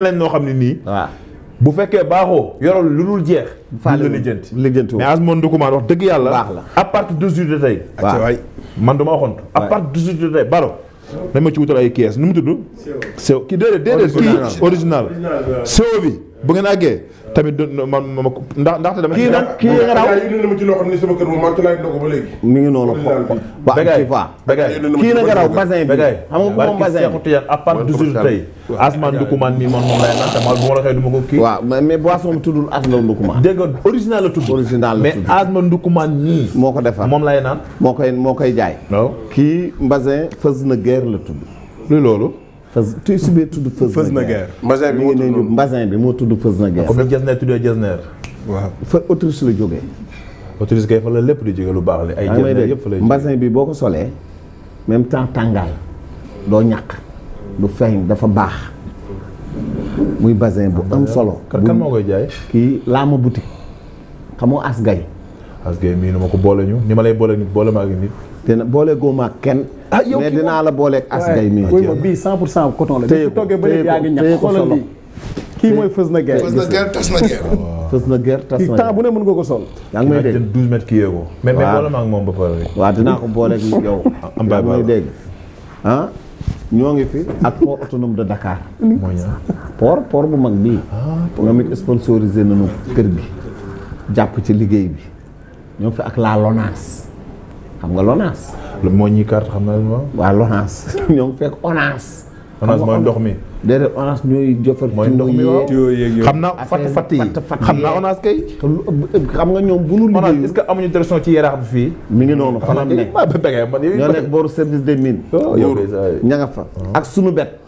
leen noo xam ne nii waaw bu fekkee baaxoo yoral lu dul jeex faale la lijjanti lijjanti mais Asmone Doucoumane wax dëgg yàlla baax la à partir de jour de tey man du ma waxoon à partir de jour de tey baro dañ ma ci wutal ay kees nu mu tudd CO kii déedéet déedéet kii original CO bi bu ngeen àggee tamit du ma ma ndax ndaxte dama. kii nag kii nga raw indi ma ci loo xam ne sama kër moom man ci laay doog ba léegi. mi ngi noonu xool ba am ci fa. kii nag nga raw basin bi xam nga ko moom basin bi. barke à part du jour tey. asman ndukumaan mi man moom lay naan ma bu ma la xëy du ma ko kii. waaw mais boisson bi tuddul asman ndukumaan. dégg nga original la tudd. original la tudd mais asman ndukumaan mii. moo ko defar moom lay naan. moo koy moo koy jaay. waaw kii basin fës na guerre la tudd. lu loolu. fës tuy subee tudd fës na guerre mbasin bi moo tudd bi moo tudd fës na guerre comme ni Jesner waaw fa Autriche la jógee Autriche kay fa la lépp di jóge lu baax li ay Jesner yëpp fa lay mbasin bi boo ko solee même temps tàngaay doo ñaq du feeñ dafa baax muy basin bu am solo. kan moo koy jaay. kii laama boutique. xam nga Asgay. Asgay mii nu ma ko boole ñu ni ma lay boole nit boole ma ak nit. dina boole góoma kenn. ah yow mais dinaa la booleeg as gay mi. waaw bii 100 pour 100 coton la. tey ko toggee ba léegi yaa ngi ñàkk xoolal lii kii mooy fës na guerre. fës na guerre tas na guerre. fës na guerre tas na temps bu ne mën nga ko sol. yaa ngi may dégg 12 mètres kii yeegoo. mais mais boole ma ak moom ba pare rek. waaw dinaa ko booleeg yow. am baay baay dégg ah. ñoo ngi fi ak port autonome de Dakar. mooy port port bu mag bii. ñoom ah, it sponsorisé nañu kër gi. jàpp ci liggéey bi ñoo ngi fi ak la LONASE. xam nga LONASE. moo ñuy carte xam na ne moom. waaw LONASE ñoo ngi fekk ONAS. ONAS mooy ndox mi. déedéet ONAS ñooy jofal. mooy ndox mi waaw xam naa fatt fatt yi xam naa ONAS kay. xam nga ñoom bu nu liggéey ONAS est-ce que ci yaraax bi fii. mi ngi noonu fan la mu nekk ñoo nekk booru service des mines. Oh, ña fa oh. ak sunu bet.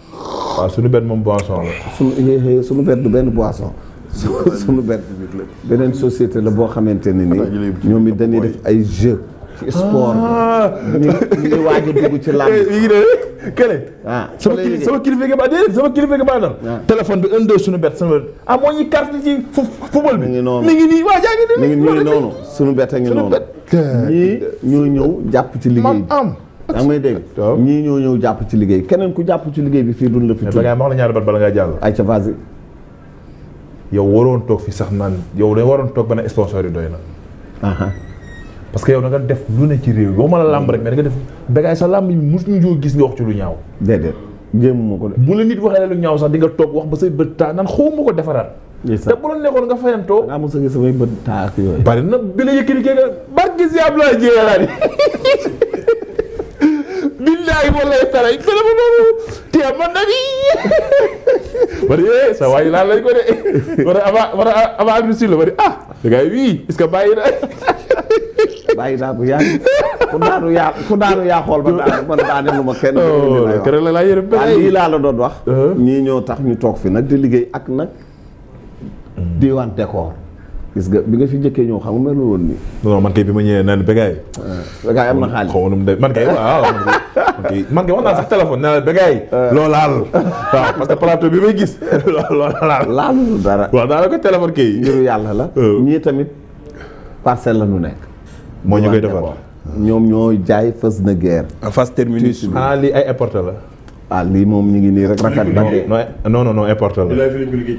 waaw sunu bet moom boisson la. sunu eh, eh, eh, sunu bet du benn boisson. sunu bet beneen société la boo xamante ne nii ñoom it dañuy def ay jeux sport ñu ah. waaj a dugg ci làmb yi eh, de kële ah, sama kilifa nga ba déedéet ah. bi un deux suñu bet suñu ah moo ñuy carte mi ngi nii waa jaa ngi mi ngi noonu suñu bet a ngi noonu ñii ñoo ñëw jàpp ci liggéey bi am may dégg ñii ñoo ñëw jàpp ci liggéey keneen ku jàpp ci liggéey bi fii dun la fi tudd da wax la ñaari bat bala ngaa jàll ay ca vas yow waroon toog fi sax naan yow da waroon toog ba ne sponsor yi doy na parce que yow da nga def lu ne ci réew yow ma la làmb rek mais nga def bégaay sa làmb yi mosuñu joo gis nga wax ci lu ñaaw. déedéet jéem ko bu la nit waxee lu ñaaw sax di nga toog wax ba say bët taa nan xaw ma ko defaraat. te bu la nekkoon nga fayantoo. a bari na bi la yëkkati kee nga barke si Abdoulaye Dieng billahi wallahi taray dana ma boobu tee ma nag yi ma ne eh, sa waay laal lañ ko de war a avant war a avant la ma ah da wii est-ce bàyyi na bàyyi naa bu yàgg ku daanu yaa ku daanu yaa xool ba daanu man daane lu ma kenn oh, keroog ah, la doon wax uh-huh. ñii ñoo tax ñu toog fi nag di liggéey ak nag mm. diiwaan décor gis nga bi nga fi njëkkee ñëw xam nga mel woon nii. man kay bi ma ñëwee naan Bégaay. Ah, Bégaay am na xaalis xaw ma nu mu man kay wax naa sax téléphone nee na Bégaay. Ah. loo laal waaw parce que plateau bi may gis. loo laal laalul dara. waaw naa la ko téléphone kay. mbiru yàlla la. Oh. ñii tamit parcelle la ñu nekk. moo ñu koy defar ñoom ñoo jaay fas na guerre. Ah, fas terminus ah lii ay apporte la. ah lii moom ñu ngi nii rek rafet ba dee. non non non importe la. rafet ba dee de.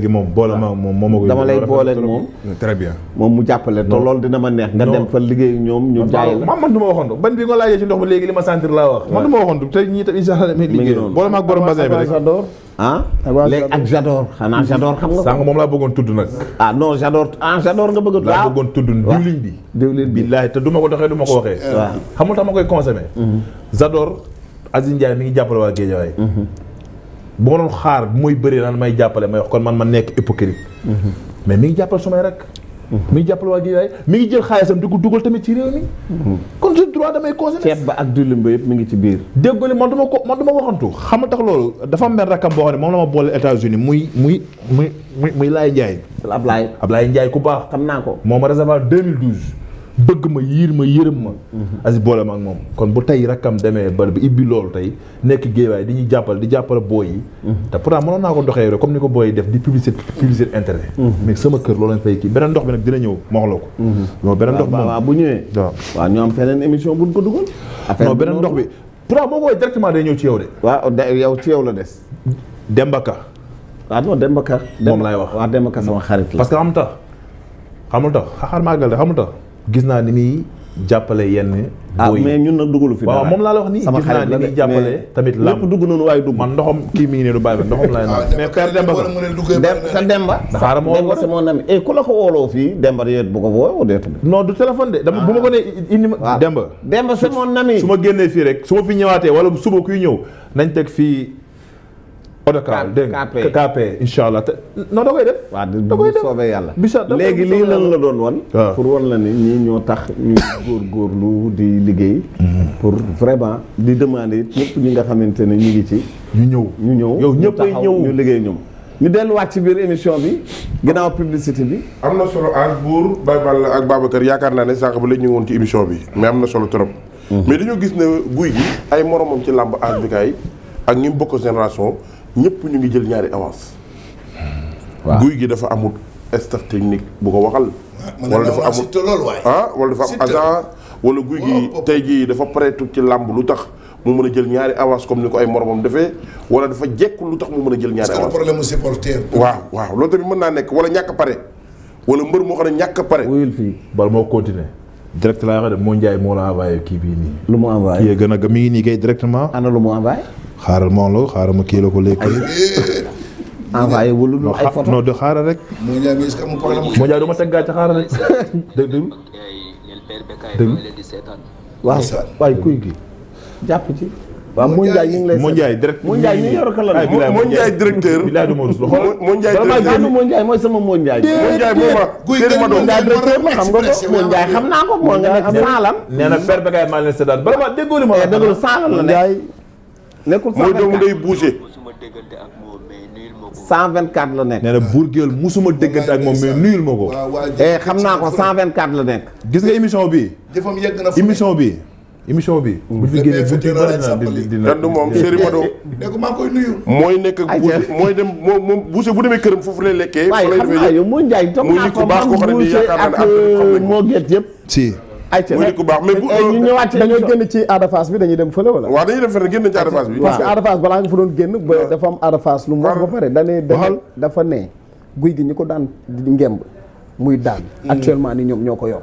gi moom boole ma moom moom moo koy. dama lay boole moom. très bien. moom mu jàppale te loolu dina ma ak borom ah? xanaa j'adore xam xam nga sànq moom laa bëggoon tudd nag. ah non j'adore ah nga bëgg a. laa bëggoon tudd diwlin bi. diwlin bi billaahi te du ma ko doxee du ma ko waxee. waaw xamul tax ma koy consommé. Mhm. j'adore Aziz Ndiaye ngi jàppale waa Guédiawaye. Mhm. bu ma doon xaar bu muy bëree naan may jàppale may wax kon man ma nekk hypocrite. Mhm. mais mi ngi jàppale sumay rek. mi ngi jàppale waa Guédiawaye mi ngi jël xaalisam di ko dugal tamit ci réew mi. kon suñu droit damay conseillé. ceeb ba ak diwlin ba yëpp mu ngi ci biir. dégg nga man dama ko man dama waxantu xam nga tax loolu dafa am benn rakkam boo xam ne moom la ma boole États-Unis muy muy muy muy muy ab Ndiaye. ab laay Ndiaye ku baax. xam naa ko moo ma réservé 2012. bëgg ma yiir ma yërëm ma mhm. asi boole ma ak moom kon bu tey rakkam demee bër bi ibbi loolu tey nekk géewaay di ñuy jàppal di jàppale booy yi mhm. te pourtant mënoon naa ko doxee rek comme ni ko booy yi def di publicité publicité internet mhm. mais sama kër loolu lañ fay kii beneen ndox bi nag dina ñëw ma wax la ko non beneen ndox bi waaw bu ñëwee waaw ñu ko dugal non beneen ndox bi pourtant boo koy ñëw ci yow de waaw yow ci yow la des Demba Ka waaw ah, non Demba moom laay wax waaw dembaka sama xarit la parce que xam tax xamul tax xaar màggal de xamul tax gis naa ni muy jàppale yenn. ah mais ñun nag dugalu fi dara waaw moom laa la wax nii gis naa ni muy jàppale tamit làmb lépp dugg noonu waaye dugg man ndoxam kii mi ngi ne du bàyyi ba ndoxam laay ah, naan mais père Demba sa Demba xaaral ma woo ko de eh, ku la ko wooloo fii Demba yéet bu ko woo deetu non du téléphone de dama bu ma ko ne indi ma Demba Demba c'est mon ami su ma génnee fii rek su ma fi ñëwaatee wala suba kuy ñëw nañ teg fii Odokaal dégg nga KP incha allah te non da koy def. waaw da koy def soobee yàlla. léegi lii lan la doon wan. Ah. pour woon la ni ñii ñoo tax ñu góor góorgóorlu di liggéey. Mhm. pour vraiment di demander ñëpp ñi nga xamante ne ñu ngi ci. ñu ñëw ñu ñëw yow ñëppay ñëw ñu liggéey ñoom. ñu delluwaat ci biir émission bi ginnaaw publicité bi. am na solo ak buur Baye Balla ak Babacar yaakaar naa ne sànq ba léegi ñu woon ci émission bi mais am na solo trop. Mhm. mais dañoo gis ne guy ay moromam ci làmb àll bi ak ñi bokk génération ñëpp ñu ngi jël ñaari avance. waa guy gi dafa amul staff technique bu ko waxal. wala dafa amul ah wala dafa am agent wala guy gi tey jii dafa pareetu ci làmb lu tax mu mën a jël ñaari avance comme ni ko ay moromam defee wala dafa jekkul lu tax mu mën a jël ñaari avance problème mu supporter waaw waaw loolu tamit mën naa nekk wala ñàkk pare wala mbër moo xam ne ñàkk pare wuyul fii bala moo continuer direct laa wax de moo njaay moo la envoyé kii bii nii lu mu envoyé kii gën a mi ngi nii directement ana lu xaaral moom la xaaral ma kii la ko léegi. envoyé wul lu ay photo non de xaaral rek. moo jaay bi est-ce que amul problème. moo jaay xaaral rek dégg waaye kuy gi jàpp ci. waaw Moon ñu ngi lay. Moon Ndiaye direct Moon Ndiaye ñu yor ko la. ma rus xool Moon Ndiaye ma xam nga xam naa ko moo nga nekk saalam. nee na per ba kay maa leen seetaan vraiment eh, la. déggoo nekkul mooy doomu day bougé. 124 la nekk. nee na Bourguel musuma déggante ak moom mais nuyul ma ko. Eh, xam naa ko cent 124 la nekk. gis nga émission bi jëfam yegg na émission bi émission bi. bu fi génnee bu ci bëri na di di mooy nekk ak bouse mooy dem moom moom bouse bu demee kër këram foofu lay lekkee. waaye xam naa moo njaay toog naa ko moom bouse ak euh, moo gét yëpp si. ayca mooy nit baax mais bu ñu ñëwaat dañoo génn ci Ada Fass bi dañuy dem fële wala waaw dañuy dem fële génn ci Ada Fass bi parce que Ada Fass balaa nga fa doon génn ba dafa am lu ne guy gi ñi ko daan di ngemb muy daan mm. actuellement ni ñoom ñoo ko yor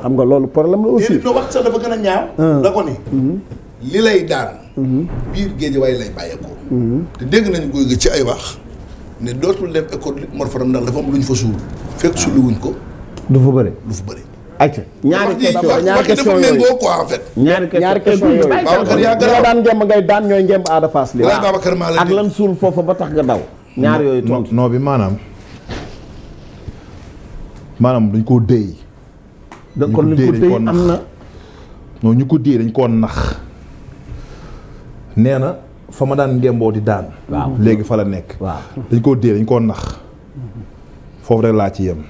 xam nga loolu problème la aussi no wax sax dafa gën a ñaaw ah. da ko ni mm-hmm. li lay daan mm-hmm. biir géej waaye lay bàyyeekoo mm-hmm. te dégg ci ay wax ne dootul dem école morfaram ndax dafa am lu ñu fa suul fekk suuluwuñ ko du fa bëri du fa bëri ayca ñaari question ñaari question yooyu dafa a daan ngemb ngay ak lan suul foofa ba tax nga daw. ñaar yooyu tontu bi maanaam. maanaam dañ koo déy. dañ ko déy dañ nax am ko déy dañ koo nax. nee na fa ma daan ngemboo di daan. léegi fa la nekk. waaw dañ koo déy dañ koo nax. foofu rek laa ci yem.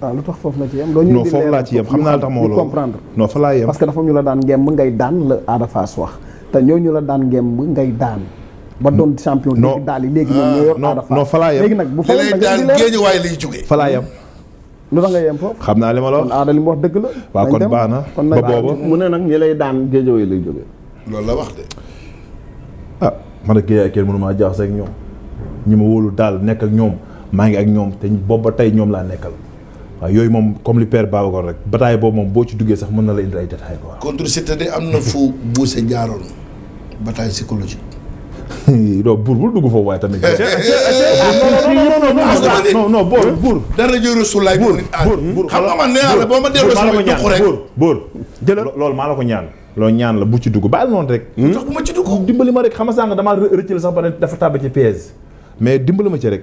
waaw lu tax foofu la ci yem. loo ñu non foofu laa ci yem xam naa tax moo loolu comprendre. non fa laa yem dafa ñu la daan ngemb ngay daan la Ada Fass wax te ñooñu la daan ngemb ngay daan. ba doon champion léegi daal yi léegi ñoom ñoo ah, nag bu fa lay lu tax nga yem xam naa li ma la wax li mu dëgg la. waaw kon na ba mu ne nag ñi daan géej lay jógee. loolu la wax de. ah man ak maa jaaxase ak ñoom ñi ma wóolu daal nekk ak ñoom maa ngi ak ñoom te booba tey ñoom laa nekkal waaw yooyu moom comme li père Babacar rek bataille boobu moom boo ci duggee sax mën na la indi ay détails quoi. contre Siteu de am na fu buuse jaaroon bataille psychologique. dugg foofu waaye tamit. non non non buur buur. dara jëru sulaay buur buur xam nga man boo ma delloo sama jox rek buur ko ñaan. loolu ñaan la bu ci dugg baal noonu rek. ndax dimbali ma rek xam nga sànq damaa rëcc la sax ba dafa tàbbi ci piège mais dimbali ma ci rek.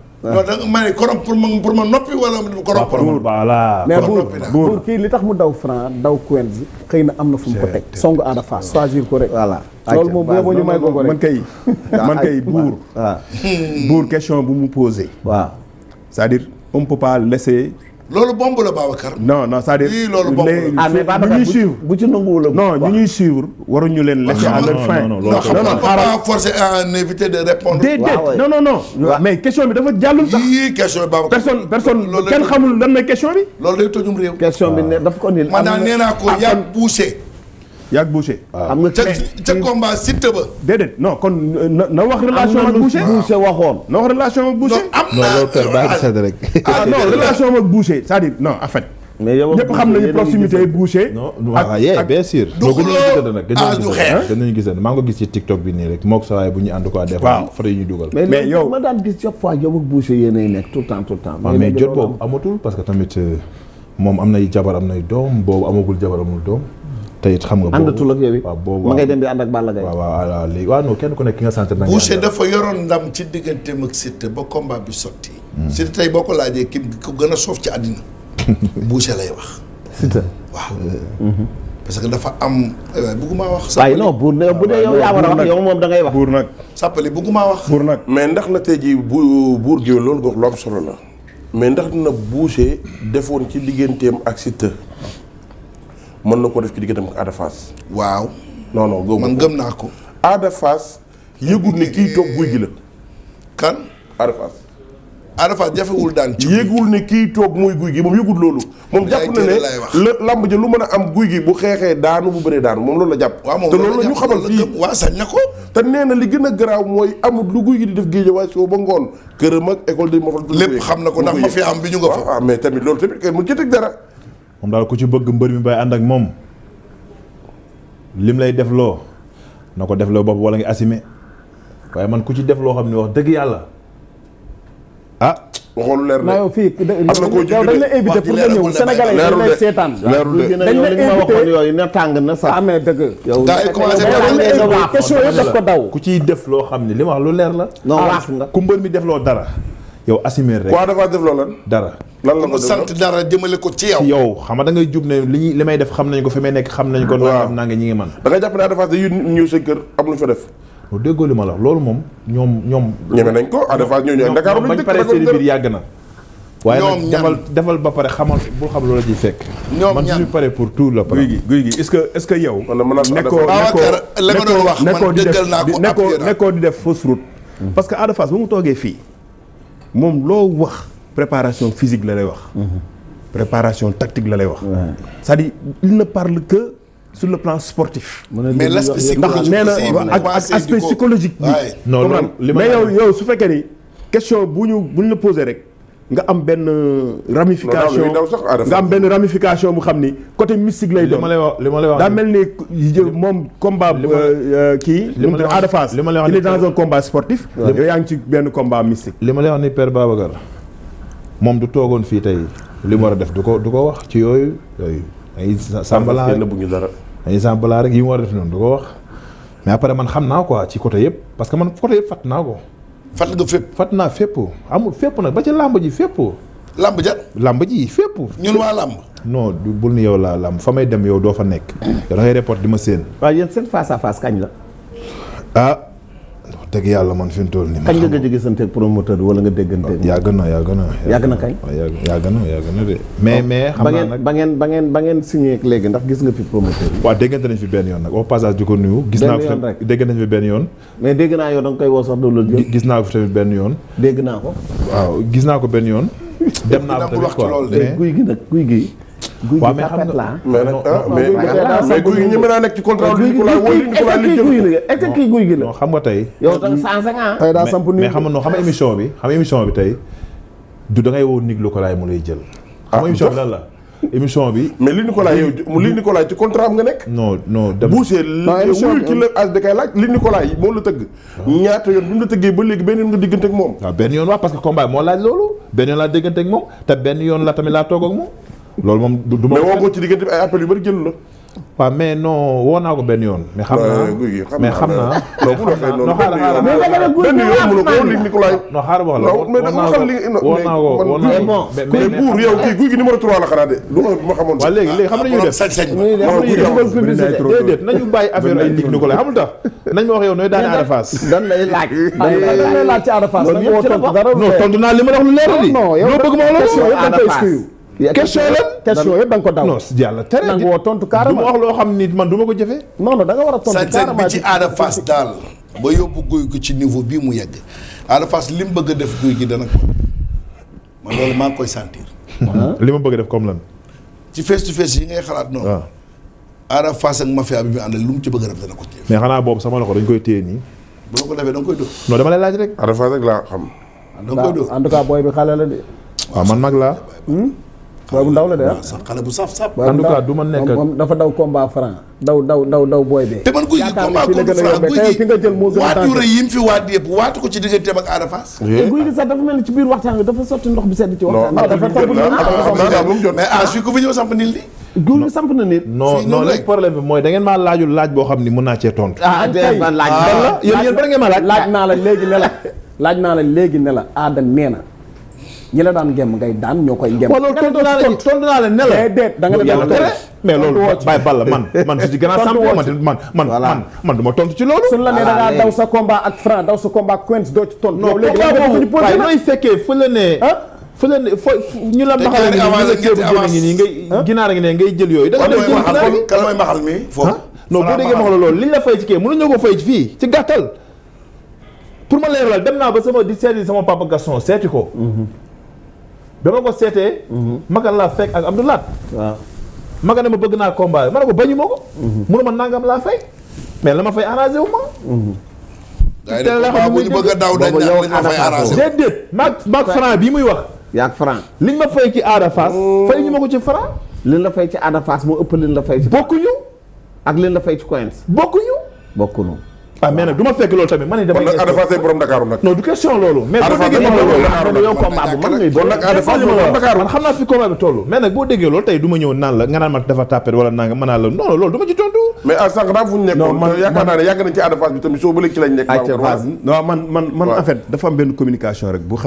non da nga ma ne korom pour ma noppi wala mais buur buur kii li tax mu daw franc daw Quench xëy na am na fu mu ko teg. songu Ada choisir ko rek. voilà loolu moom boo ñu may ko rek man kay man kay buur. buur question bu mu posé. waa c'est-à-dire on peut laisser. loolu bomb la Babacar. non non c'est-à-dire. oui loolu bomb la ah mais Babacar bu ñuy suivre bu ci nanguwul la. non ñu ñuy suivre waruñu leen laisser ah, à leur fin. non non non xam nga pas forcer à un éviter de répondre. déedéet non non non. mais question bi dafa jàllul sax. yii question bi Babacar. personne personne kenn xamul lan la question bi. loolu day tojum réew. question bi ne daf ko nii. am na man daal nee naa ko yaa poussé. yaa ngi Boucher. xam nga ca ca combat Siteu ba. déedéet non kon euh, na wax relation ak Boucher Boucher waxoon. na wax relation ak Boucher. am na non rek. ah, ah non relation ak Boucher c'est-à-dire non en fait. mais ah, bi nii rek moog sa waay bu ñu ànd ko à. waaw fa ñuy dugal. mais yow ma daan gis chaque fois yow ak Boucher yéen nekk tout le temps tout le temps. mais jot boobu amatul parce que tamit euh, moom am nay jabar am nay doom boobu amagul jabar amul doom te it xam nga àndatul ak yow it ma ngay dem di ànd ak Balla Gaye. waaw waaw léegi waaw non na. Boucher dafa yoroon ndam ci digganteem ak Siteu ba combat bi sotti. Hmm. ko laajee ki ko gën a soof ci àddina lay wax. Siteu waaw. Eh. Mhm. que dafa am eh, bëgguma wax. waaye non buur ah, bu dee yow yaa war a wax yow moom da wax. buur nag sàppali bëgguma wax. buur nag mais ndax na tey jii bu buur gi loolu gox loo am solo la. mais ndax dina Boucher defoon ci digganteem ak Siteu mën na ko def ci diggantam ak Ada Fass. waaw. non non man gëm naa ko. Ada Fass yëgul ne kii toog guy gi la. kan. Ada Fass. Ada Fass jafewul daan ci. yëgul ne kii toog mooy guy gi moom yëgul loolu. moom jàpp na ne la lamb ja lu mën a am guy gi bu xeexee daanu bu bëree daanu moom loolu la jàpp. waaw loolu la ñu xamal fii te nee li gën a garaaw mooy amul lu guy gi di def géejawaay soo ba ngoon këram ak école ma fa lépp xam na ko ndax ma fi am bi ñu nga fa. waaw mais tamit loolu moom daal ku ci bëgg mbër mi bay ànd ak moom lim lay def loo na ko def loo bopp wala nga assumé waaye man ku ci def loo xam ne wax dëgg yàlla ah. waxoon leer na yow fii am na koo la seetaan. de dañ la yooyu na tàng na sax. amee ah, dëgg. yow ko daw. ku ciy def loo xam ne li wax lu leer la. non ah, wax nga ku mbër mi def loo dara. yow assumé rek. quoi dafa def loo lan dara. lan la ko sant dara jëmale ko ci yow. xam nga da ngay jub ne li li may def xam nañ ko fi may nekk xam nañ ko. waaw ngi mën. da ngay jàpp ne Ada Fass dañuy ñëw sa kër am lu la loolu moom ñoom ñoom. ñeme nañ ko Ada Fass ñoo ñëw Dakar bañ paree seen biir yàgg na. waaye nag defal defal ba pare xamal bul xam loola ji fekk. ñoom man suñu paree pour tout la. guy gi guy gi est-ce que est-ce que yow. wala mën naa nekkoo nekkoo nekkoo nekkoo di def fausse mm. parce que Ada Fass ba mu toogee fii moom loo wax préparation physique la lay wax. Mhm. préparation tactique la lay wax. c'est-à-dire il ne parle que sur le plan sportif. mais l'aspect ndax nee na ak aspect psychologique bi. non li mais yow yow su fekkee ni question bu ñu bu ñu la posé rek. nga am benn euh, ramification nga am benn ramification bu xam ni côté mystique lay doon li ma lay wax li ma lay wax daa mel ni moom combat euh, euh, kii li ma lay wax Ada Fass il est dans un combat sportif yow yaa ngi ci benn combat mystique li ma lay wax ni Père Babacar moom du toogoon fii tey li mu war a def du ko du ko wax ci yooyu yooyu ay sàmbalaa rek bu ñu dara ay sàmbalaa rek yi mu war a def noonu du ko wax mais après man xam naa quoi ci côté yëpp parce que man côté yëpp fàtt naa ko fàtt nga fépp fat naa fépp amul fépp nag ba ci làmb ji fépp làmb ja làmb ji fépp ñun waa làmb non bul ni yow laa làmb fa may dem yow doo fa nekk yow da report di ma séen waaw yéen seen face à face kañ la ah, wax dëgg yàlla man fi mu nii. kañ nga gëj a gisante ak promoteur wala nga déggante. yàgg na yàgg na. yàgg na yàgg na de. mais oh. mais xam naa nag ba ngeen ba ngeen ba ngeen signé léegi ndax gis nga fi promoteur yi. waaw déggante nañ fi benn yoon nag au passage di ko nuyu. gis naa fi dégg nañ fi benn yoon. mais dégg naa yow da koy woo sax la jël. gis naa ko fi tamit benn yoon. dégg naa ko. waaw gis naa ko benn yoon. dem naa ko tamit quoi mais guy gi nag guy gi waaw mais xam nga mais nag ah mais guy gi ñeme naa nekk ci contrat lu xam nga tey yow da cent cinquante xam nga noo xam nga émission bi xam nga émission bi tey da ngay woo nig Nicolas mu jël ah, la émission bi mais li Nicolas yow li Nicolas ci contrat am nga nekk non non buusee wóolu ci la as laaj li Nicolas yi moom la tëgg ah. ñaata yoon bi mu la tëggee ba léegi benn yoon nga diggante ak moom waaw ah, benn yoon waaw parce que moo laaj loolu benn yoon laa diggante ak moom te benn yoon la tamit laa toog ak moom loolu moom du ma. mais woo ko ci diggante bi ay appels yu bëri jëlu la. waaw mais non woo naa ko benn yoon. mais xam naa mais xam naa. non bu doon noonu benn yoon benn yoon mu ne ko woo non xaaral ma wax la mais dama xam li woo naa ko woo naa ko mais buur yow kii guy gi numéro 3 la xanaa de lu ma xamoon. waaw léegi léegi xam nañu ah, def déedéet nañu bàyyi affaire ay lig Nicolas xamul tax nañ ma wax yow nooy daane Ada Fass. dañ lay laaj. dañ lay laaj ci Ada Fass. non tontu naa li ma wax lu leer la di. non yow bëgg ma wax la question la question yëpp da nga ko daw. non yàlla tere na nga woo tontu carrément du ma wax loo xam ni man du ma ko jëfee. non non da nga war a tontu carrément bi ba yóbbu guy ci niveau bii mu yegg Ada Fass li mu bëgg def gi dana ko loolu maa ngi koy sentir. li ma bëgg a def comme lan. ci face to yi ngay xalaat noonu. waaw ah. Ada Fass ak mafia bi mu mu ci bëgg a def ko ci mais xanaa boobu sama loxo ko defee da nga koy dóor. non dama lay laaj rek. Ada Fass rek laa xam. da nga koy dóor en booy bi xale la de. waaw ah, man mag laa. Hmm? booy ndaw la de ah sax xale bu saf saf. en tout cas du ma nekk moom dafa daw combat franc. daw daw daw daw booy bee. te man guy gi combat contre franc guy gi nga a waatu rëy yi mu fi waat yëpp waatu sax dafa mel ni ci biir waxtaan bi dafa sotti ndox bi sedd ci waxtaan bi. dafa samp nit mais ah su ko fi ñëw samp nit li guy samp na nit. non non léegi problème bi mooy da ngeen maa laajul laaj boo xam ni mën naa cee tontu. ah, ah déedéet man laaj. ah laaj naa la léegi ne la laaj naa la léegi ne la aada nee na ñi la daan ngeem ngay daan ñoo koy ngeem. loolu tontu naa leen nga leen doon tere mais loolu Baye Balla man man je suis ma tontu ci loolu. suñu la nee da ngaa daw sa combat ak Franc daw sa combat ci tontu. non léegi nag la nee. fu la nee ngay ginaar yooyu. da nga dem jël kan mooy maxal mi foofu non boo ko fay ci fii ci gàttal pour ma la dem naa ba sama di seeti sama papa Gaston seeti ko mhm. ba ma ko seetee. magal laa fekk ak Abdou Lat. waaw maga ne ma bëgg naa combat ma ne ko bañu ma ko. mënu ma nangam laa fay. mais la ma fay arrangé wu ma. te la xam ne bëgg a daw dañ ne ma fay arrangé déedéet maag maag franc bii muy wax. yaa ngi franc liñ ma fay ci aada faas. Oh. fay ñu ma ko ci franc. leen la fay ci aada faas moo ëpp leen la fay ci. bokkuñu. ak leen la fay ci coins. bokkuñu. bokkuñu. waaw ah, mais nag du ma fekk loolu tamit man it damay. Ada Fass borom Dakar nag. non du question loolu. mais boo déggee loolu xam ne yow combat bu mag ngay doon nag Ada Fass borom Dakar man xam naa fi combat bi toll. mais nag boo déggee loolu tey du ma ñëw naan la nga naan ma dafa tàppet wala naa nga naa la non loolu du ma ci tontu. mais sànq daa fu ñu naa ne yàgg nekk. waaw man man man dafa am benn communication rek bu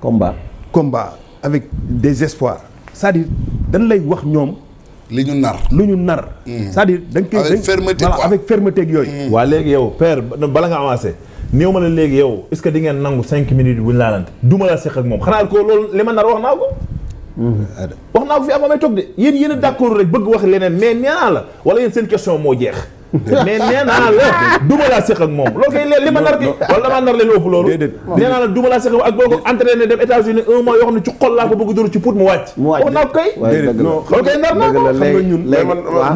xam avec des espoirs cest à dañ lay wax ñoom. li ñu nar lu ñu nar. Mm. c'est-à-dire da nga koy avec fermeté quoi avec fermeté ak yooyu. Mm. waa léegi yow père bala nga avancé néew ma la léegi yow est-ce que di ngeen nangu cinq minutes bu ñu laalante du ma la seq ak moom xanaa ko loolu li ma nar wax naa ko. Mm-hmm. wax naa ko fi am amee toog de yéen yéen a d'accord rek bëgg wax leneen mais nee naa la wala yéen seen question moo jeex. mais nee naa la duma laa séq ak moom loolu kay leen li ma nar ki wala damaa nar leen ëpp loolu nee naa la duma laa séq ak boo ko entraîné dem États-Unis un mois yoo xam ne ci xol laa ko bëgg dóor ci put mu wàcc wax naa ko kay loolu kay nar naa ko xam nga ñun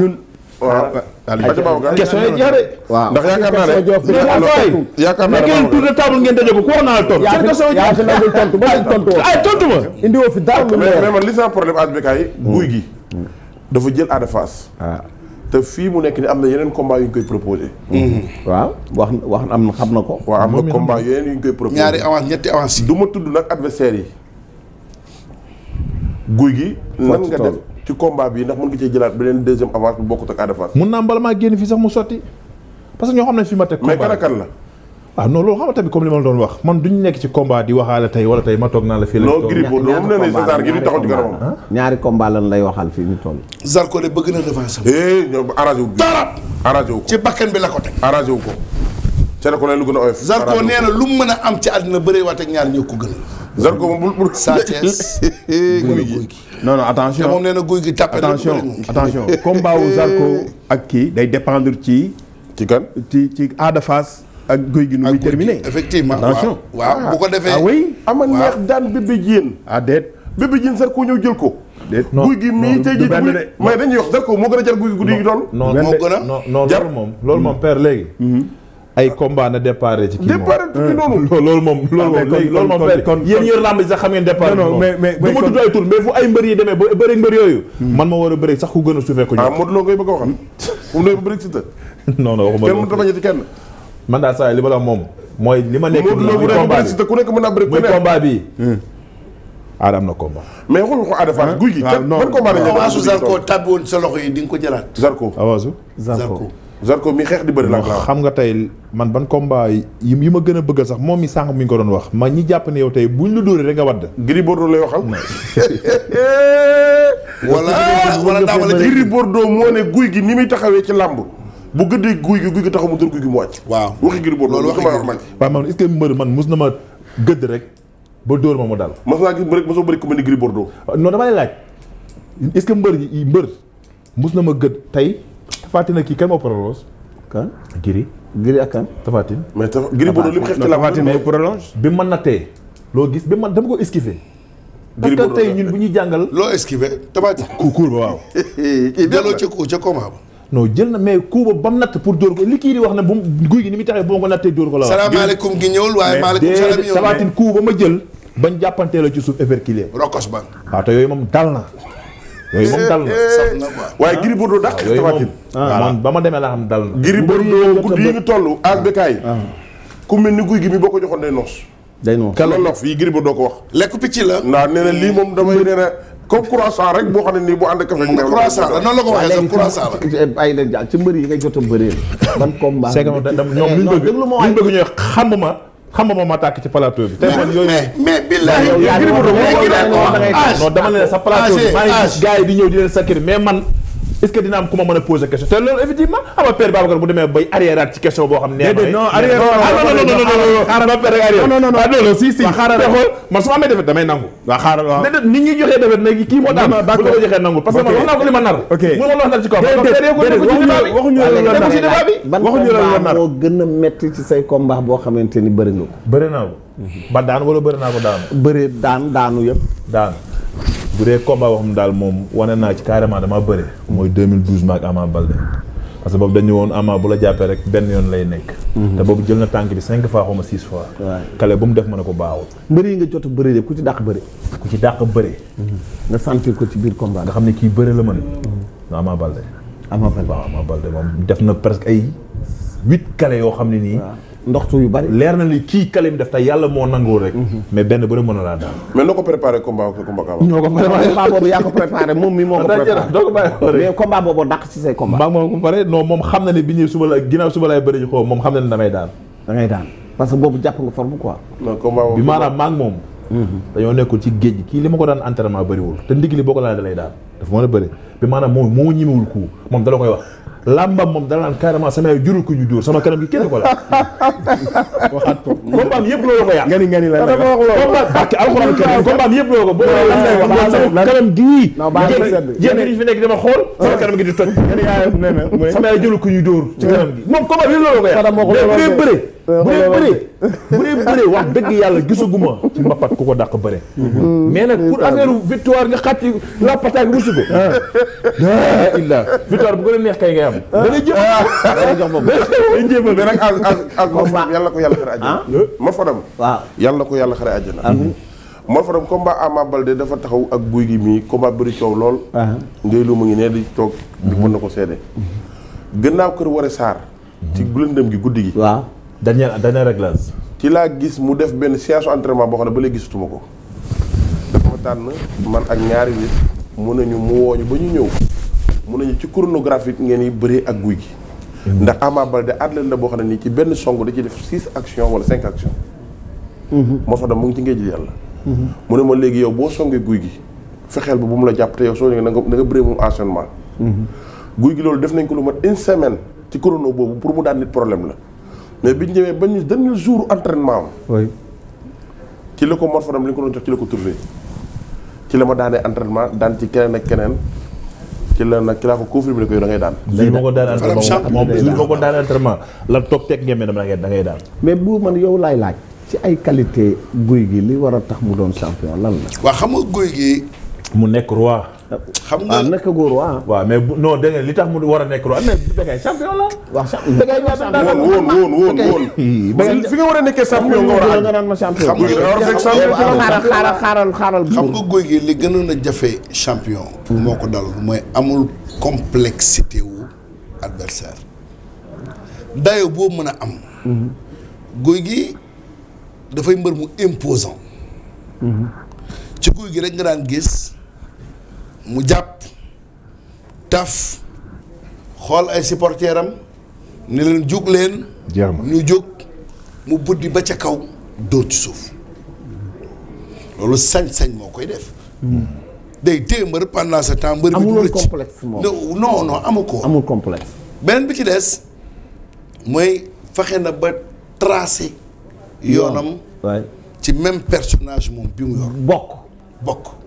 ñun waaw Aliou question yi jeex de. waaw ndax yaakaar naa ne. yaakaar naa ne mais tour de table ngeen dajoo ko ku war naa la tontu. yaa fi yaa fi nangul tontu ba tontu woon. ay tontu ma. indiwoo fi dara lu mais man li sama problème ADBK yi. Hmm. guy gi hmm. dafa jël Ada Fass. Ah. te fii mu nekk ni am na yeneen combat yu ñu koy proposé. Mhm. waaw wax wax am na xam na ko. waaw am na combat yeneen yu ñu koy proposé. ñaari avance ñetti avance yi. du ma tudd nag adversaire yi. guy gi. nan nga def ci combat bi ndax mën nga cee jëlaat beneen deuxième avance bu bokkut ak Ada Fass. mun naa mbala maa génn fii sax mu sotti parce que ñoo xam ne fi ma teg. combat mais la. waaw ah, non loolu xam tamit comme li ma doon wax man duñu nekk ci combat di waxaale tey wala tey ma toog naa la fii la. non Gris Bordeaux moom nee nañ César gi di ñu toll. Zarko de bëgg na revanche am. Eh, ñoom arrangé wu. dara arrangé wu ko ci bi la ko ko. ca lu a oyof. na lu mu mën a am ci àddina bëree waat ak ñaar ñoo ko gën a. Zarko attention te moom na guy gi attention attention combat wu Zarko ak kii day dépendre ci. ci kan ci ci Ada ak guy gi nu muy terminé effectivement attention waaw bu ko defee ah oui ama neex daan bébé jéen ah déet bébé jéen sar koo ñëw jël ko déet guy gi mii tey jii mais dañuy wax sar ko moo gën a jar guy gi guddi gi loolu non moo gën a non loolu moom loolu moom père léegi mhm. ay combat na départ ci kii moom euh, loolu moom. loolu ah, moom kon yéen yéen làmb sax xam ngeen départ. non mais mais du ma tudd ay tur mais fu ay mbër yi demee ba bëri mbër yooyu. Hmm. man ma war a bëri sax ku gën a suufee ko ñu. ah Modou Lo ngay bëgg a waxal. moom lay bëri ci te. non non waxuma kenn mënut a bañ a ci kenn. man daal saa yi li ma la moom mooy li ma nekk. muy ku nekk mën naa bëri muy combat bi. Hmm. aada am na combat. mais xool ko aada Fass guy gi. waaw ah, non non combat la waasu Zarko tàbbi woon sa loxo yi di nga ko jëlaat. Zarko awaasu. Ah, Zarko Zarko xam nga tey man ban combat yi yi ma gën a bëgg sax moom mi sànq mi ngi ko doon wax. ma ñi jàpp ni yow tey buñ la dóoree rek nga wadd. Gris Bordeaux lay waxal. wala wala daaw la Gris Bordeaux moo ne guy gi ni muy taxawee ci làmb bu gëddee guy gi guy gi taxaw mu dër guy gi mu wàcc. waaw waxi Gris Bordeaux loolu waxi Gris waaw man est-ce que mbër man mos na ma gëdd rek ba dóor ma mu dal. mas naa gis rek mosoo bëri ku mel ni Gris Bordeaux. Ah, non dama lay laaj est-ce que mbër yi mbër mos na ma gëdd tey fàttali na kii kan moo prolonge. kan Gris. Gris ak kan Tafatine. mais Tafa Gris Bordeaux li mu xeex ci la Tafatine mooy prolonge. bi man na tee loo gis bi man dama ko esquiver. parce que tey ñun bu ñuy jàngal. loo esquiver Tafatine. ku kuur ba waaw. kii delloo ca ca combat ba. non jël na mais kuuba ba mu natt pour dóor ko li kii di wax ne bu guy gi ni muy taxee bu ma gi ñëwul waaye maaleykum salaam ñëwul ma jël bañ jàppantee la ci suuf éperculé rokos ba waaw ah, te yooyu moom dal na yooyu moom dal na saf na ah, ah, ba ma demee la xam guddi yi ñu toll ak ku mel ni guy gi mi boo ko joxoon day noos day noos kala noos yi Gris Bordeaux ko wax lekk picc la ndaa nee lii moom damay nee comme croissant rek boo xam ne nii bu ànd café meew croissant la noonu la ko waxee sax croissant la bàyyi leen jàll ci mbëri yi nga jot a bëreel ban combat ñoom liñ bëgg liñ ma xam nga moom ma tàkk ci plateau bi. Ah, ne sa plateau bi ah, maa ngi ah, di ñëw di leen sakkir mais man. est-ce que dina am ku ma mën a poser question te loolu effectivement ama père Babacar bu demee bay arrière ci question boo xam ne man su ma amee defet damay nangu waaw xaaral waaw nit xamante ni bëri nga ko bëri naa ko ba daan wala bëri naa ko daan bëri daan daanu yëpp daan bu dee combat boo daal moom wane naa ci carrément dama bëre mooy 2012 maag Ama Balde parce que boobu dañu woon Ama bu la jàppee rek benn yoon lay nekk mhm. te boobu jël na tànk bi cinq fois xaw six fois kale bu mu def ma a ko baawul mbëri yi nga jot bëri de ku ci dàq bëri ku ci dàq bëri mhm. nga sentir ko ci biir combat nga xam ne kii bëri la mën no mhm. Ama Balde Ama Balde waaw Ama Balde moom def na presque ay huit kale yoo xam ne nii ndoxtu yu bari leer na li kii kalim def tey yàlla moo nangoo rek. Mhm. mais benn bëri mën na laa daal. mais noo ko préparé combat combat Kaaba. ñoo ko préparé combat boobu moom mi moo ko na ne bi ñuy moom xam na ne damay daan. dangay daan parce que boobu jàpp nga forme quoi. Mhm. kii li ma ko daan entraînement bëriwul te ndigli boo ko laalee da a bëri bi maanaam moom moo ku moom da koy wax làmbam moom danaan carrément sama yaay jurul ko ñu dóor sama kanam gi kenn ko la waxaat ko combat yëpp loolu ko yàq nga ni nga ni la dafa wax loolu combat barke alxuraan karim combat sama kanam gi jéem yi fi dama xool ah. sama kanam gi di toj nga ni yaay nee na sama yaay jurul ko ñu dóor ci kanam gi moom combat yëpp loolu ko yàq bu dee bëree euh, bëree bëree wax dëgg yàlla gisaguma ci mbapat ku ko dàq bëre. Mhm. mais nag pour affaire victoire nga xàcc la rusu ko. ah illa victoire bu a neex kay ngay am. da ngay jéem a jox moom day jéem a mais yàlla ko yàlla xare àjjana. Ah. ma fadam. waaw yàlla ko yàlla xare àjjana. ma mhm. fadam combat Ama Baldé dafa taxaw ak guy gi mii combat bëri coow lool. Ah. ngay lu mu ngi ne di toog. di mhm. mën na ko seede. gannaaw kër Ware Sarr. ci lëndëm gi guddi gi. waaw. dernière dernière réglage. ci laa gis mu def benn séance entraînement boo xam ne ba léegi gisatuma ko. dafa ma tànn man ak ñaari nit mun nañu mu wooñu ba ñu ñëw. mun nañu ci chronographie ngeen yi bëree ak guy gi. Mm-hmm. ndax Ama Baldé athlète la boo xam ne nii ci benn song da ci def six actions wala cinq actions. Mm-hmm. moo tax mu ngi ci ngay yàlla. Mm-hmm. mu ne ma léegi yow boo songee guy gi fexeel ba bu mu la jàpp te yow soo ñëwee nga bëree moom enchaînement. guy gi loolu def nañ ko lu mat une semaine ci chrono boobu pour mu daan nit problème la. mais bi ñu ñëwee ba ñu dernier jour entraînement am. ci la ko morphodam li ñu ko doon jox ci la ko tourné ci la ma daane entraînement daan ci keneen ak keneen ci la nag ci laa ko confirmé ko yow da daan. léegi ma ko daan entraînement moom ma ko daan entraînement la toog da ngay daan. mais bu man yow laay laaj. ci ay qualité guy gi li war a tax mu doon champion lan la. waaw xam nga guy gi. mu nekk roi. xam nga ah, naka góor waaw. waaw mais bu non dégg li tax mu war a nekk roi mais Bécaye champion la. waaw champion Bécaye woon woon woon woon woon. fi nga war a nekkee champion nga war a nga naan ma champion. xam nga xaaral xaaral xaaral xam nga góor gi li gënoon a jafe champion. moo ko dal mooy amul complexité wu adversaire dayo boo mën a am. góor gi dafay mbër mu imposant. Mm-hmm. ci góor gi rek nga daan gis. mu jàpp taf xool ay supporters am ne leen jug leen. ñu jóg mu buddi ba ca kaw dóor ci suuf loolu sañ-sañ moo koy def. day téye mbër pendant ce temps mbër bi. amul complexe moom non non amu ko. amul complexe. beneen bi ci des mooy fexe na ba tracé. yoonam ci même personnage moom bi mu yor. bokk bokk.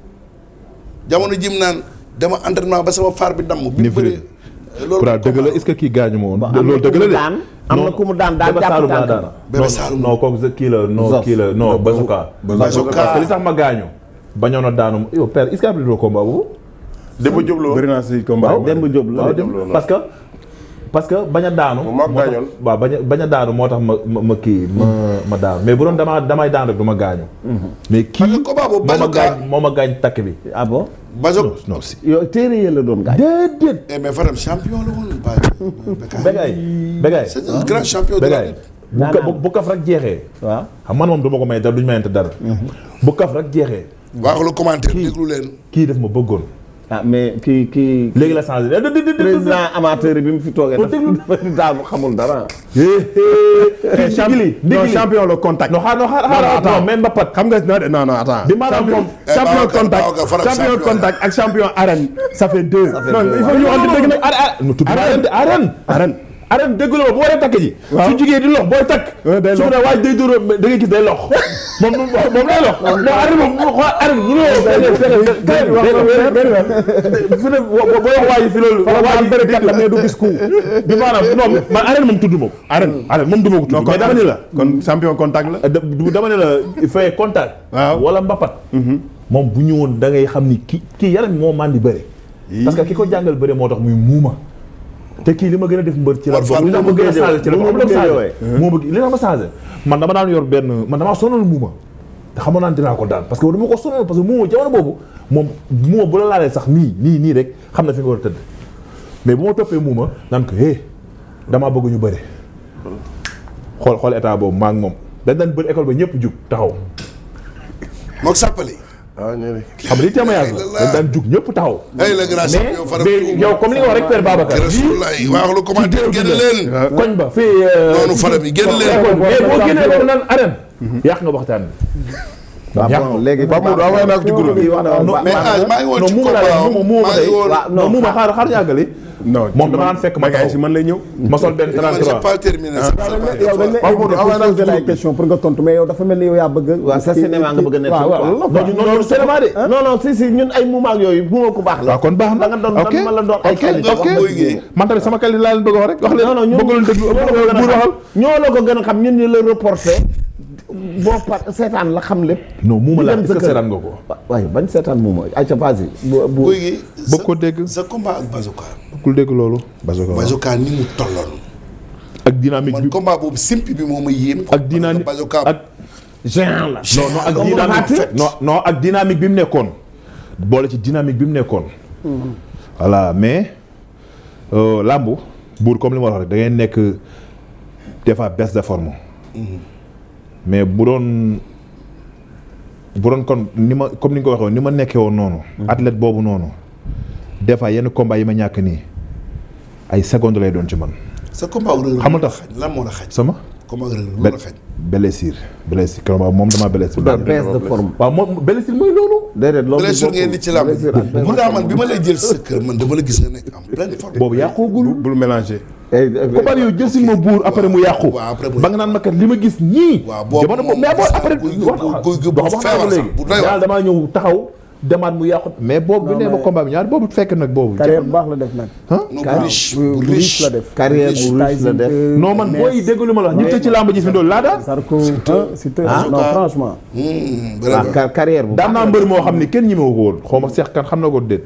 jamono jim naan dama entraînement ba sama faar bi damm. bi bëri euh, loolu dëgg la est-ce que kii gaañu ma woon. loolu dëgg la de am na ku mu daan daan jàpp tànk Bébé Saloum kii la non kii la non Bazooka. Bazooka parce li tax ma gaañu. bañoon a daanu yow père que am na combat boobu. Demba Diop la woon bëri naa que. parce que bañ a daanu. moo gaañoon a bañ a moo tax ma ma ma kii ma hmm. ma daanu mais bu doon damaa damay daan rek du ma gaañu. Hmm. mais kii moo ma gaañ moo takk bi. ah bon Bazoog non si. yow téere yi la doon gaañ. déedéet. eh mais Fadam champion la woon Bécaye Bécaye c'est hmm. bu kaf rek jeexee. waaw xam man moom du ko may dara duñ mayante dara. bu kaf rek jeexee. waaw kii def ma bëggoon. ah mais kii kii. léegi la changé eh, président amateur bi mu fi toogee. président bu xamul dara. non champion le contact. non xaar non xaar non mais Mbapat xam nga non non attends. champion eh, contact champion contact ak champion arène. ça fait deux. non il faut ah, ñu wax dëgg nag arène. arène arène. arène déggu la bu waree takk ji. su jugee di lox booy takk. day lox su ko defee waaj day dóor da ngay gis day lox moom moom lay lox. non arène moom xool arène bu ñu woo. booy wax waaj fi loolu. waaj yi bëri kat la mais du gis ku. bi maanaam non man arène moom tudd moom. arène arène moom du ma ko tudd. mais dama ne la. kon champion contact la. dama ne la il faut contact. waaw wala mbapat. Mhm. moom bu ñëwoon da ngay xam ni ki ki yaram moo màndi bëre. parce que ki ko jàngal bëre moo tax muy muuma. te kii li ma gën a def mbër ci la li ma gën a changé ci la moom la changé moo bëgg ma changé man dama daan yor benn man damaa sonal muuma te xamoon naa dinaa ko daan parce que dama ko sonal parce que muuma jamono boobu moom muuma bu la laalee sax nii nii nii rek xam na fi nga war a tëdd mais bu ma toppee muuma damaa bëgg ñu bëri xool xool état boobu maa moom dañ daan bëri école ba ñëpp jug taxaw moog sàppali ah nee xam li témoignage la dañ daan jug ñëpp taxaw. ay la grâce mais yow comme li nga wax rek Père Babacar. lii waaw lu commenté génn leen. koñ ba fii. noonu faram yi génn leen. mais boo génnee ko naan arène. yàq nga waxtaan bi. waaw léegi ba mu waaw waaye naa ko ci groupe bi. mais maa ngi woon ci waaw non muuma xaar xaar man lay ñëw. ma man pas terminé. ay question pour nga tontu mais yow dafa mel ni yow a ay muuma yooyu muuma ku baax la. kon baax na ok ok man la doon ay qualité man tamit sama qualité laa leen bëgg a wax rek. wax leen bëgg leen déglu ñoo la ko gën a xam ñun ñu la reporté boo par seetaan la xam lépp. non muuma laa est-ce seetaan nga ko. waaye bañ seetaan muuma ayca vas y. guy gi ko dégg. sa combat ak Bazooka. bëggul dégg loolu. Bazooka Bazooka ni mu tolloon. ak dynamique bi man combat moo ma yéem. ak dynamique Bazooka ak. géant la. non non bi mu nekkoon. boole ci dynamique bi mu nekkoon. Mm-hmm. voilà mais euh, làmbu buur comme li ma wax rek da ngay nekk des fois baisse de forme. Mm-hmm. mais bu doon bu doon kon ni ma comme ni nga ko waxee ni ma nekkee woon noonu. Mhm. athlète boobu noonu. des fois yenn combat yi ma ñàkk nii ay seconde lay doon ci man. sa combat xam nga tax lan moo la xaj sama. comme ak Reug Reug loolu la moom damaa blessure. daal mooy loolu. déedéet loolu blessure ngeen di ci làmb. man bi ma lay jël sa kër man dama la gis nga nekk en pleine forme. boobu yàqoogul bul mélanger. Eh, kobar eh, eh, yow jël si ma buur après mu yàqu. ba nga naan ma kat li ma gis ñii. waaw boobu moom sax guy guy guy guy guy guy guy guy guy guy guy guy guy demaat mu yàqu. mais boobu bu nee ma combat bi ñaar boobu fekk nag boobu. carrière bu baax la def nag. ah def. carrière bu riche la def. non man booy dégg lu ma la wax ñu tëj ci làmb ji fi ndool laa daan. Sarko surtout ah, non franchement. Hmm, hmm, vraiment carrière bu daan naa mbër moo xam ni kenn ñi ma ko woon xaw ma Cheikh Kane xam na ko déet.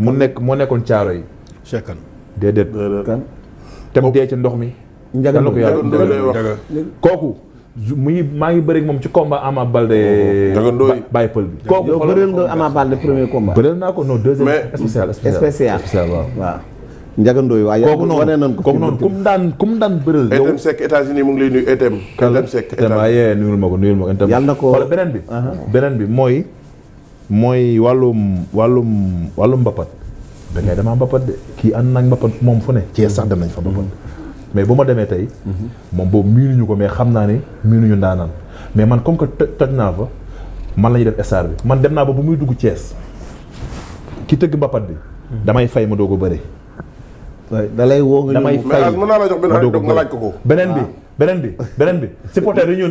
mu nekk moo nekkoon caaro yi. Cheikh Kane te déedéet tam dee ci ndox mi. njagal ko yàlla kooku. muy maa ngi bëri moom ci combat Ama Baldé. Oh. dëgg Baye Pël bi. kooku yow bëreel nga Ama Baldé premier combat. bëreel naa ko non deuxième. spécial spécial spécial waaw waaw. njagandooy noonu kooku daan kum daan bërël etem sec États-Unis mu ngi lay nuyu etem etem sec etem nuyul ma ko nuyul ma ko etem na ko wala beneen bi uh-huh. beneen bi mooy mooy wàllum wàllum wàllum mbappat da ngay mbappat de kii ànd naag mbappat moom fu ne Thiès sax dem nañ fa mbappat mais bu ma demee tey. Mhm. moom boobu miinuñu ko mais xam naa ne miinuñu ndaanaan mais man comme que toj naa fa man la ñuy def star bi man dem naa ba bu muy dugg cees ki tëgg mbapat bi. Mhm. damay fay ma doog a bëri. da lay woo nga damay fay mën naa la jox benn nga laaj ko ko. beneen bi beneen bi beneen bi supporter yi ñu.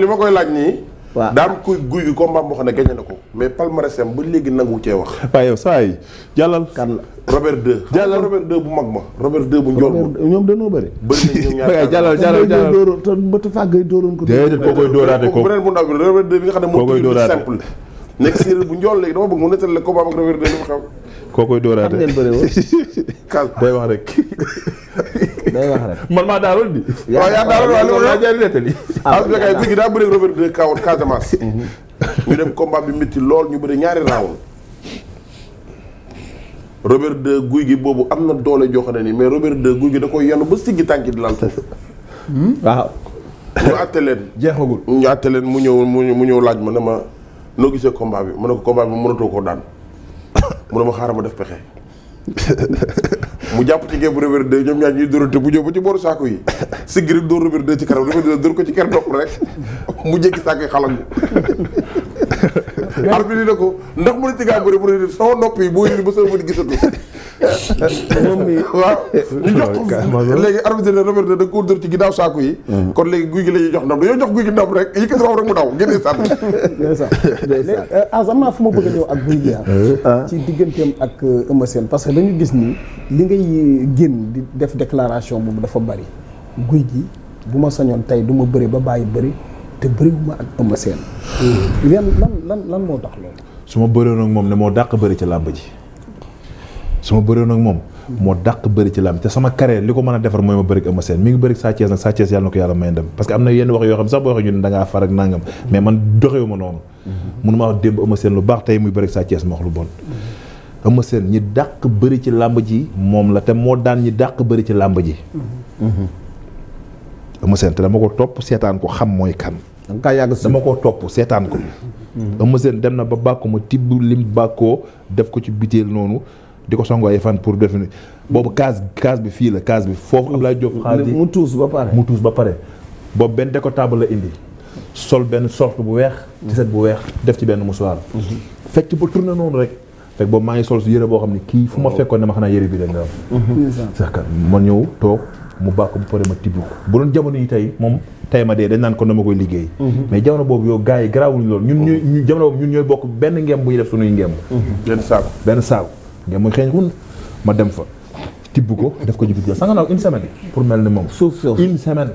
li ma koy laaj nii. waaw daam kuy guy gi combat boo xam ne gagné na ko mais palmarès am ba léegi nangu cee wax. waaw yow saa yi jàllal. kan la Robert 2. jàllal Robert 2 bu mag ma Robert 2 bu njool ma. ñoom dañoo bëri. bari na ñoom ñaar jàllal jàllal jàllal dooroon te bëtt fàgg yi dooroon ko. déedéet koo koy dóoraate ko beneen bu ndaw bi Robert 2 bi nga xam ne moo. koo bu njool léegi dama bëgg mu nettal la combat ak Robert 2 dafa xam. koo koy dóoraate xam ngeen bëri woon day wax rek. day wax rek man maa daaloon di. waaw yaa daaloon waaw li ma la jaay nettali. ah bu fekkee guy gi daa bëri Robert de Kaw Casamance. Mhm. ñu dem combat bi métti lool ñu bëri ñaari round. Robert de guy gi boobu am na doole joo xam ne nii mais Robert de guy gi da koy yanu ba siggi tànki di laal suuf. Hmm? waaw. ñu àtte leen. jeexagul ñu àtte leen mu ñëw mu ñëw laaj ma ne ma noo gisee combat bi ma ne ko combat bi mënatoo koo daan. mu ne ma xaaral ma def pexe mu jàpp ci ngeen bu revére de ñoom ñaar ñuy dóorante bu ñëw ba ci booru saako yi sigg rek dóor de ci kanam dafa dina dóor ko ci ker dopp rek mu jékki saako yi xalam arbi ni ne ko ndax mu ne ci gaa bëri mu ne sama nopp yi boo yëngu ba sama bët gisatu moom mi waaw ñu léegi arbitre ne Robert da nga ko ci ginnaaw saako yi hmm. kon léegi guy gi la ñuy jox ndam dañoo jox guy gi ndam rek yëkkati raw rek mu daw génne sànn asamaa fu ma bëgg a ñëw ak guy gi euh, ah. ci digganteem ak euh, Eumeu Sène parce que dañu gis nii li ngay euh, génn di def déclaration boobu dafa bari guy gi bu ma sañoon tey du ma bëri ba bàyyi bëri te bëriwuma ak Eumeu Sène hmm. lan lan lan moo tax loolu su ma bëroon ak moom ne moo dàq bëri ci làmb ji su ma bëreewoon ak moom moo dàq bëri ci làmb te sama carrière li ko mën a defar mooy ma bëri ak Eumeu Sène mi ngi bëri ak Sa Thiès nag Sa Thiès yàlla na ko yàlla may ndam parce que am na yenn wax yoo xam sax boo waxee ñu ne far ak nangam mais man doxewu ma noonu mënuma wax démb Eumeu seen lu baax tey muy bëri ak Sa Thiès ma wax lu bon Eumeu seen ñi dàq bëri ci làmb ji moom la te moo daan ñi dàq bëri ci làmb ji Eumeu Sène te dama ko topp seetaan ko xam mooy kan dama ko topp seetaan ko mm-hmm. Eumeu Sène dem na ba bàkko ma tibb lim bàkkoo def ko ci biteel noonu di ko songo ay fan pour def boobu case case bi fii la case bi foofu Ablaye Diop xaalis mu tuus ba pare mu tuus ba pare boobu benn décotable la indi sol benn sort bu weex ci set bu weex def ci benn musuwaar fecc ba tourné noonu rek fekk boobu maa ngi sol su yére boo xam ne kii fu ma fekkoon ne ma xanaa yére bi dañ la mhm. ma ñëw toog mu baax ko mu pare ma tibb ko bu doon jamono yi tey moom tey ma dee dañ naan kon dama koy liggéey mhm. mais jamono boobu yow gars yi garaawuñu ngeen mooy xeeñ xun ma dem fa tibb ko def ko ci biir sanganaaw une semaine pour mel ni moom suuf suuf une semaine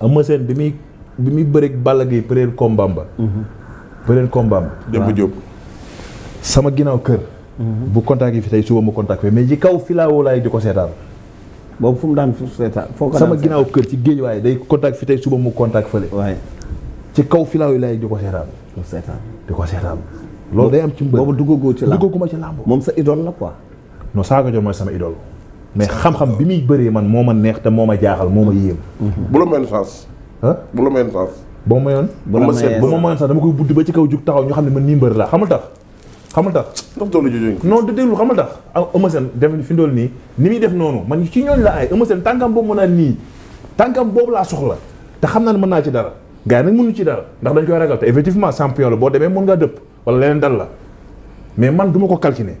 ama seen bi muy bi muy bëreeg Balla Gaye premier combat ba premier mhm. combat ba Demba Diop sama ginnaaw kër mhm. bu contact yi fi tey suba mu contact fi mais ci kaw filaawo laay di ko seetaan boobu fu mu daan seetaan foo sama ginnaaw kër ci géej waaye day contact fi tey suba mu contact fële ci kaw filaawo laay di ko seetaan di ko seetaan loolu day am ci mbër boobu duggagoo ci làmb duggaguma ci làmb moom sa idole la quoi. non Sakho Dior mooy sama idole. mais xam-xam bi muy bëree man moo ma neex te moo ma jaaxal moo ma yéem. Mhm. bu la mayoon sens. ah bu la mayoon sens. ba ma mayoon. bu ma mayoon bu dama koy buddi ba ci kaw jug taxaw ñu xam ne man nii mbër laa xamul tax. xamul tax. ndax doole jooju non de déglu xamul tax ah Eumeu Sène def fi mu dool nii ni muy def noonu man ci ñooñ la ay Eumeu Sène tànkam boobu mën naa nii boobu laa soxla te xam naa ne mën naa ci dara gars yi nag mënu ci dara ndax dañ koy ragal te effectivement champion la boo demee mën ngaa dëpp wala leneen dal la mais man duma ko calciner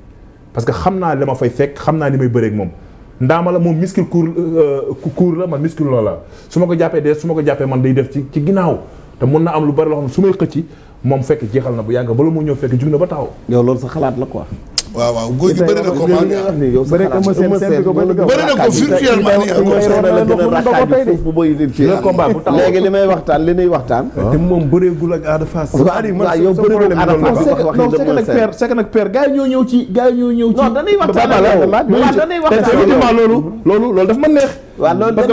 parce que xam naa li ma fay fekk xam naa ni may bëreek moom ndaama la moom muscle court euh, court la man muscle loola la su ma ko jàppee de su ma ko jàppee man day def ci ci ginnaaw te mun na am lu bari loo xam ne su may xëcc moom fekk jeexal na bu yàgg bala moo ñëw fekk jug na ba taxaw. yow loolu sa xalaat la quoi. waaw waaw góor gi bëri na ko maa ngi wax bëri na ko virtuellement nii encore léegi li may waxtaan li nuy waxtaan. te moom bëreegul ak Ada Fass. waaw yow bëreegul ak Ada Fass non c'est que nag père c'est que nag père gars yi ñoo ñëw ci gars yi ñoo ñëw ci. non dañuy waxtaan waaw dañuy waxtaan effectivement loolu. loolu loolu daf ma neex. waaw loolu parce que